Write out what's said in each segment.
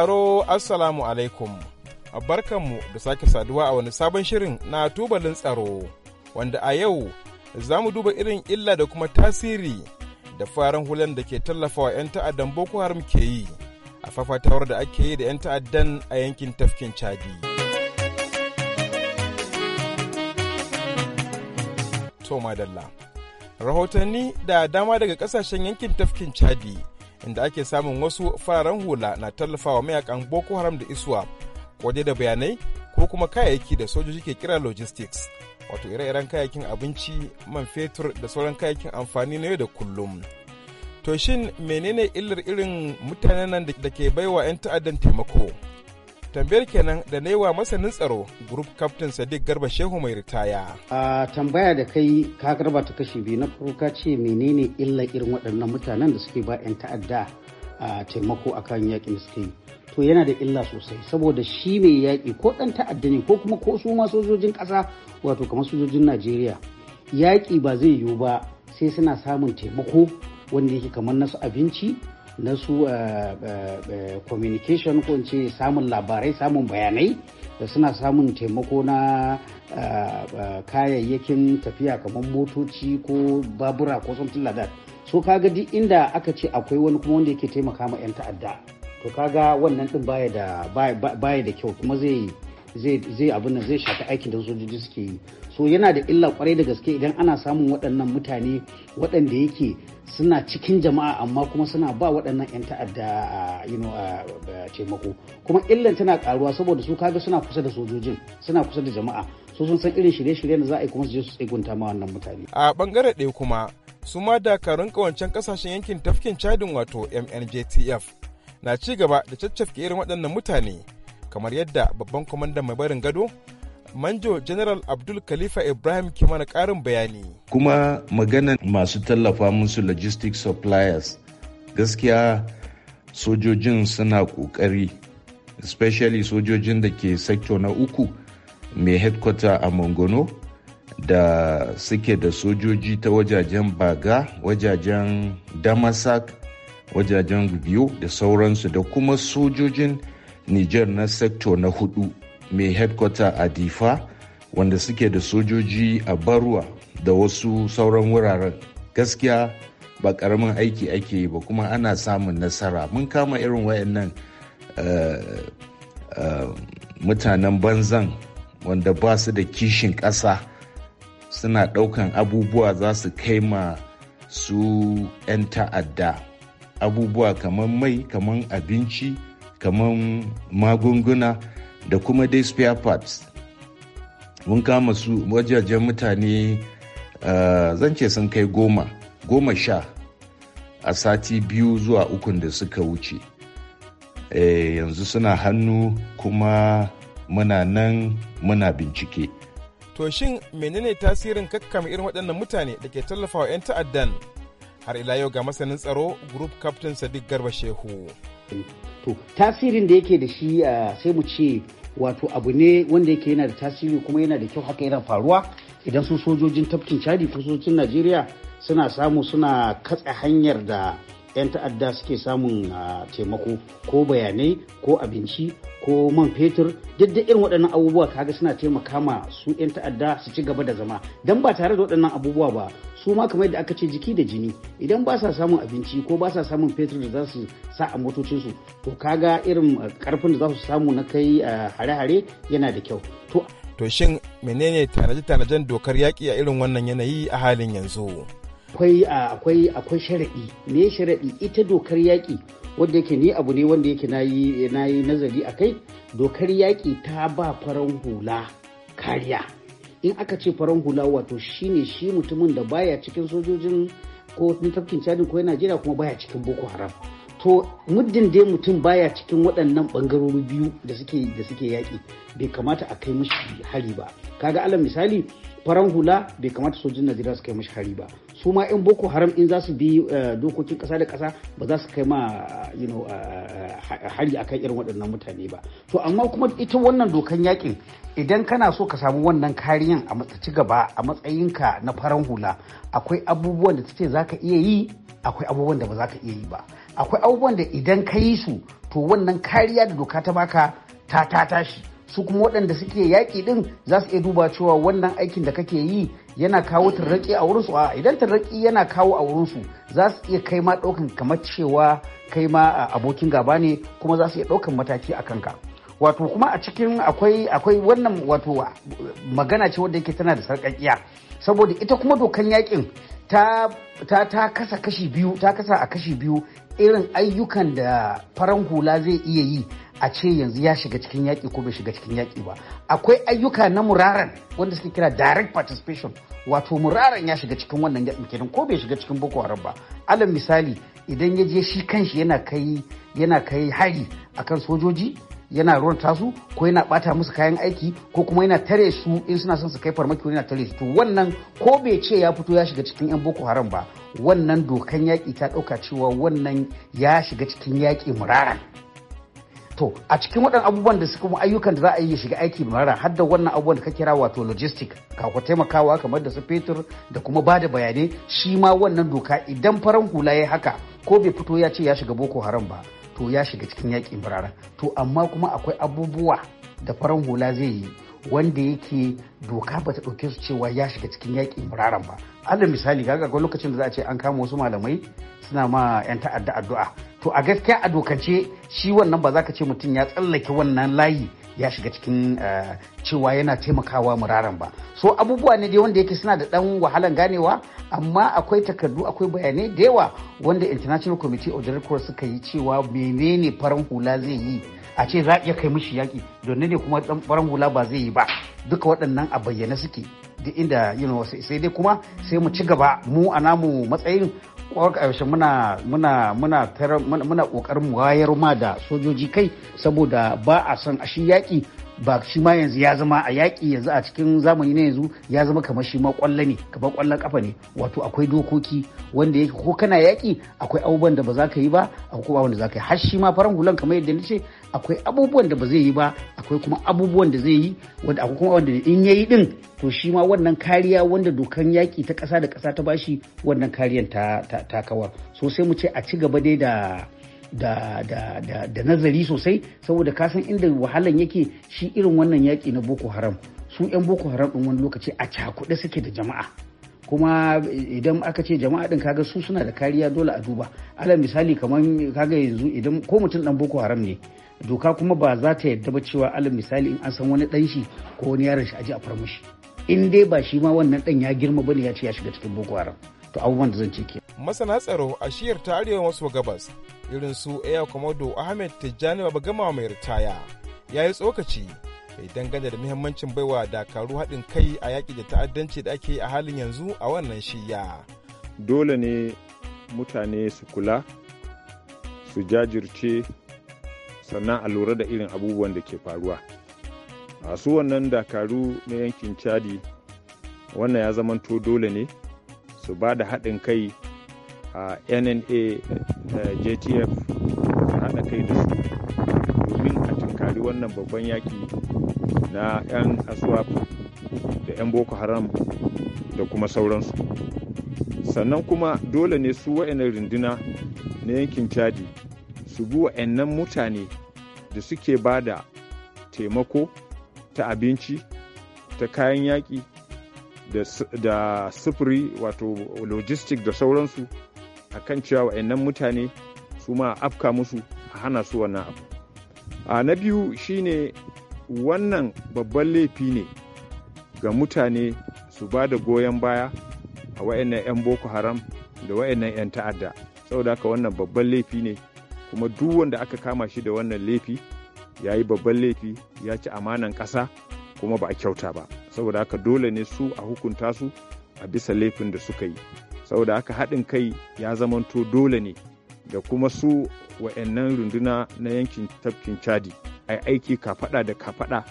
Aro Assalamu alaikum. Barkanmu da sake saduwa a wani sabon shirin na tubalin tsaro, wanda a yau za mu duba irin illa da kuma tasiri da faran hulan da ke tallafawa 'yan ta'addan Boko Haram ke yi a fafatawar da ake yi da 'yan ta'addan a yankin tafkin Chadi. Rahotanni da dama daga kasashen yankin tafkin Chadi. inda ake samun wasu fararen hula na tallafawa mayakan boko haram da isuwa waje da bayanai ko kuma kayayyaki da sojoji ke kira logistics wato ire-iren kayayyakin abinci man fetur da sauran kayayyakin amfani na yau da kullum to shin menene illar irin mutanen nan da ke baiwa 'yan ta'addan taimako tambayar kenan da na yi wa masanin tsaro group captain sadiq garba shehu mai ritaya a tambaya da kai ka garba ta kashi biyu na farko ce menene illa irin waɗannan mutanen da suke ba 'yan ta'adda a taimako akan yakin suke to yana da illa sosai saboda shi mai yaƙi ko ɗan ta'adda ne ko kuma ko suma sojojin ƙasa wato kamar sojojin najeriya yaƙi ba zai yiwu ba sai suna samun taimako wanda yake kamar nasu abinci na su eh, eh, eh, communication ko ce samun labarai samun bayanai da suna samun taimako na kayayyakin tafiya kamar motoci ko babura ko something like that so kaga duk inda aka ce akwai wani kuma wanda yake taimaka ma 'yan ta'adda to kaga wannan din baya da baya da kyau kuma zai zai abin nan zai shafi aikin da sojoji suke yi so yana da illa kwarai da gaske idan ana samun waɗannan mutane waɗanda yake suna cikin jama'a amma kuma suna ba waɗannan 'yan ta'adda a taimako kuma illan tana karuwa saboda su kaga suna kusa da sojojin suna kusa da jama'a su sun san irin shirye-shirye da za a yi kuma su je su tsegunta ma wannan mutane a bangare ɗaya kuma su ma dakarun kawancen kasashen yankin tafkin chadin wato mnjtf na ci gaba da caccafke irin waɗannan mutane kamar yadda babban kwamandan mai barin gado manjo general abdul khalifa ibrahim ke mana karin bayani kuma maganan masu tallafa musu logistic suppliers gaskiya sojojin suna kokari especially sojojin da ke sector na uku mai headquarter a mangono da suke da sojoji ta wajajen baga wajajen damasak wajajen gubiyo da sauransu da kuma sojojin niger na sector na hudu mai headquarter a difa wanda suke da sojoji a barwa da wasu sauran wuraren gaskiya ba karamin aiki ake yi ba kuma ana samun nasara mun kama irin wayannan eh, eh, mutanen banzan wanda ba su da kishin ƙasa suna ɗaukan abubuwa za su kai ma su 'yan ta'adda abubuwa kamar mai kamar abinci kamar magunguna da kuma dai spare parts mun kama su wajajen mutane eh, zan ce sun kai goma goma sha a sati biyu zuwa ukun da suka wuce eh, yanzu suna hannu kuma muna nan muna bincike to shin menene tasirin kakkama irin waɗannan mutane da ke tallafawa 'yan ta'addan har ila yau ga masanin tsaro group captain sadiq garba shehu to tasirin da yake da shi sai mu ce wato abu ne wanda yake yana da tasiri kuma yana da kyau haka yana faruwa idan su sojojin tafkin chadi ko sojojin najeriya suna samu suna katse hanyar da 'yan ta'adda suke samun ah, taimako ko bayanai ko abinci ko man fetur duk da irin waɗannan abubuwa kaga suna taimaka ma su 'yan ta'adda su ci gaba da zama don ba tare da waɗannan abubuwa ba su ma kamar da aka ce jiki da jini idan ba sa samun abinci ko ba sa samun fetur da za su sa a motocinsu to kaga irin karfin ah, da za su samu na kai ah, hare-hare yana da kyau to shin menene tanaje-tanajen dokar yaƙi a irin wannan yanayi a halin yanzu akwai akwai akwai sharadi ne sharadi ita dokar yaƙi wanda yake ni abu ne wanda yake nayi nayi nazari akai dokar yaƙi ta ba faran hula kariya in aka ce faran hula wato shine shi mutumin da baya cikin sojojin ko tafkin cadin ko Najeriya kuma baya cikin Boko Haram to muddin dai mutum baya cikin waɗannan ɓangarori biyu da suke da suke yaƙi bai kamata a kai mishi hari ba kaga alal misali faran hula bai kamata sojin Najeriya su kai mishi hari ba su ma 'yan boko haram in za su bi eh, dokokin kasa da kasa ba za su kai ma eh, eh, hari akan irin waɗannan mutane ba to amma kuma ita wannan dokan yakin idan kana so ka samu wannan kariyan a ci gaba a matsayinka na faran hula akwai abubuwan da ce za ka iya yi akwai abubuwan da ba za ka iya yi ba akwai abubuwan da idan ka yi su to wannan kariya da doka ta baka ta ta tashi su kuma waɗanda suke yaƙi ɗin za su iya duba cewa wannan aikin da kake yi yana kawo tarraki a wurinsu a idan tarraki yana kawo a wurinsu za su iya kai ma ɗaukan kamar cewa kai ma abokin gaba ne kuma za su iya ɗaukan mataki a kanka wato kuma a cikin akwai akwai wannan wato magana ce wadda yake tana da sarƙaƙiya saboda ita kuma dokan yaƙin ta ta kasa kashi biyu ta kasa a kashi biyu irin ayyukan da faran hula zai iya yi a ce yanzu ya shiga cikin yaƙi ko bai shiga cikin yaƙi ba akwai ayyuka na muraran wanda suke kira direct participation wato muraran ya shiga cikin wannan yaƙin kenan ko bai shiga cikin boko haram ba alal misali idan ya je shi kanshi yana kai yana kai hari akan sojoji yana ruwan tasu ko yana bata musu kayan aiki ko kuma yana tare su in suna son su kai farmaki yana tare su to wannan ko bai ce ya fito ya shiga cikin yan boko haram ba wannan dokan yaƙi ta ɗauka cewa wannan ya shiga cikin yaƙi muraran to a cikin waɗannan abubuwan da suka ayyukan da za a yi shiga aiki mara har da wannan abubuwan da ka kira wato logistic kakwa taimakawa kamar da su fetur da kuma bada bayanai shi ma wannan doka idan faran hula ya haka ko bai fito ya ce ya shiga boko haram ba to ya shiga cikin yaƙin birara to amma kuma akwai abubuwa da faran hula zai yi wanda yake doka ba ta ɗauke su cewa ya shiga cikin yaƙin biraran ba alal misali ga ga lokacin da za a ce an kama wasu malamai suna ma 'yan ta'adda addu'a to a gaskiya a dokance shi wannan ba za ka ce mutum ya tsallake wannan layi ya shiga cikin eh, cewa yana taimakawa muraran ba so abubuwa ne dai wanda yake suna da dan wahalan ganewa amma akwai takardu akwai bayanai da yawa wanda international committee of the red suka yi cewa menene farin hula zai yi a ce za a iya kai mishi yaki don ne kuma farin hula ba zai yi ba duka waɗannan a bayyane suke duk inda you wasu sai dai kuma sai mu ci gaba mu a namu matsayin ƙarshen muna muna muna muna ƙoƙarin wayar ma da sojoji kai saboda ba a son a shi yaƙi ba shi ma yanzu ya zama a yaƙi yanzu a cikin zamani na yanzu ya zama kamar shi ma ƙwallo ne kamar ƙwallon ƙafa ne wato akwai dokoki wanda yake ko kana yaƙi akwai abubuwan da ba za ka yi ba akwai abubuwan da za ka yi har shi ma faran hulan kamar yadda na ce. akwai abubuwan da ba zai yi ba akwai kuma abubuwan da zai yi wanda akwai kuma wanda in yayi din to shi ma wannan kariya wanda dokan yaki ta ƙasa da ƙasa ta bashi wannan kariyan ta ta kawar so sai mu ce a ci gaba dai da da, da, da, da nazari sosai saboda ka san inda wahalan yake shi irin wannan yaki na boko haram su 'yan boko haram ɗin wani lokaci a cakuɗe suke da jama'a kuma idan aka ce jama'a din kaga su suna da kariya dole a duba alal misali kamar kaga yanzu idan ko mutum dan boko haram ne doka kuma ba za ta yadda ba cewa alal misali in an san wani dan shi ko wani yaron shi aje a farmashi in dai ba shi ma wannan dan ya girma bane ya ce ya shiga cikin boko haram to abubuwan da zan ce ke masana tsaro a shiyar ta arewa maso gabas irin su eya Komodo Ahmed Tijjani gama mai ritaya ya yi tsokaci bai eh, dangane da muhimmancin baiwa dakaru haɗin kai a yaƙi da ta'addanci da ake yi a halin yanzu a wannan shiya. Dole ne mutane su kula, su jajirce, sannan a lura da irin abubuwan da ke faruwa. Masu wannan dakaru na yankin Chadi, wannan ya zamanto dole ne su ba da haɗin kai a NNA eh, JTF haɗa kai da su domin tunkari wannan babban yaki na 'yan aswap da 'yan boko haram da kuma sauransu sannan kuma dole ne su wa'yanar runduna na yankin chadi su bi wa'yannan mutane da suke ba da taimako ta abinci ta kayan yaƙi da sufuri wato logistic da sauransu a kan cewa wa'annan mutane su ma afka musu a hana su wannan abu a na biyu shine wannan babban laifi ne ga mutane su ba da goyon baya a wayannan 'yan boko haram da wayannan 'yan ta'adda saboda haka wannan babban laifi ne kuma duk wanda aka kama shi da wannan laifi ya yi babban laifi ya ci amanan ƙasa kuma ba a kyauta ba saboda haka dole ne su a hukunta su a bisa laifin da suka yi saboda haka haɗin kai ya zamanto dole ne da kuma su wa'annan runduna na yankin tafkin chadi a aiki kafada da kafada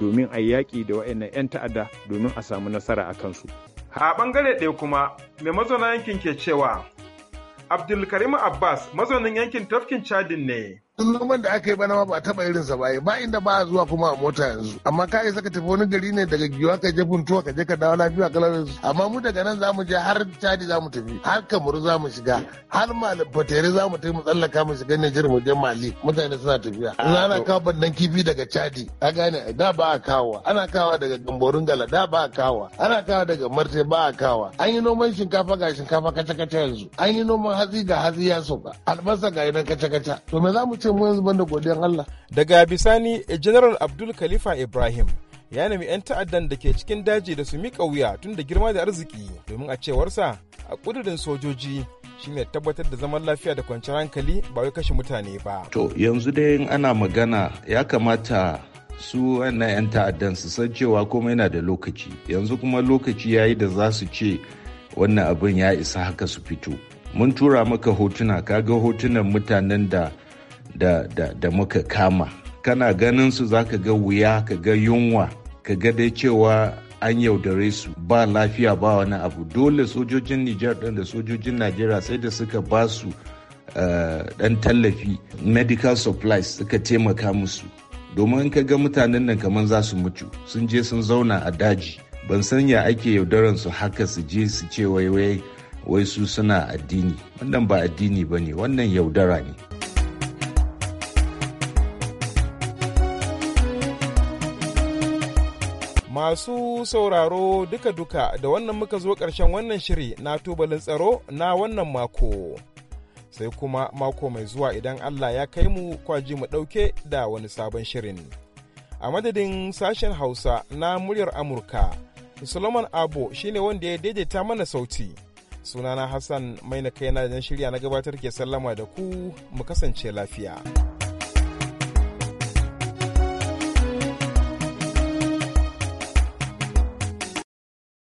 domin a yaƙi da wa'annan 'yan ta'adda domin a samu nasara a kansu. A bangare ɗaya kuma, mai mazauna yankin ke cewa, Abdulkarim Abbas mazaunin yankin tafkin Chadin ne, duk noman da aka yi bana ma ba irin sa ba ba inda ba zuwa kuma a mota yanzu amma ka isa ka tafi wani gari ne daga giwa ka je funtuwa ka je ka dawo lafiya kalar amma mu daga nan zamu je har Chadi zamu tafi har Kamaru zamu shiga har Malam za zamu tafi mu tsallaka mu shiga Niger mu je Mali mutane suna tafiya Ina ah, ana kawo bandan kifi daga Chadi ka gane da ba a kawo ana kawo daga Gamborun Gala da ba a kawo ana kawo daga Marte ba a kawo an yi noman shinkafa ga shinkafa kaca-kaca yanzu an yi noman hatsi ga hatsi ya soka albasa ga nan kaca-kaca to me zamu ci ce mun zuba da godiyar Allah. Daga bisani eh, General Abdul Khalifa Ibrahim ya nemi 'yan ta'addan da ke cikin daji da su miƙa wuya tun da girma da arziki domin a cewarsa a ƙudurin sojoji shine tabbatar da zaman lafiya da kwanciyar hankali ba wai kashe mutane ba. To yanzu dai in ana magana ya kamata su wannan 'yan ta'addan su san cewa komai yana da lokaci yanzu kuma lokaci ya yi da za su ce wannan abin ya isa haka su fito. Mun tura maka hotuna ka ga hotunan mutanen da da, da, da muka kama kana ganin su za ka ga wuya ka ga yunwa ka ga dai cewa an yaudare su ba lafiya ba wani abu dole sojojin nijar ɗin da sojojin najeriya sai da suka ba su eh, ɗan tallafi medical supplies suka taimaka musu domin ka ga mutanen nan kamar za su mutu sun je sun zauna a daji ban san ya ake yaudaran su haka su je su ce wai wai su suna addini wannan ba addini ba ne wannan yaudara ne Masu sauraro duka-duka da wannan muka zo ƙarshen wannan shiri na tubalin tsaro na wannan mako. Sai kuma mako mai zuwa idan Allah ya kai mu kwaji mu ɗauke da wani sabon shirin. A madadin sashen Hausa na muryar Amurka, Solomon Abo shine wanda ya daidaita mana sauti. Sunana Hassan mai na kaina da shirya na gabatar ke sallama da ku mu kasance lafiya.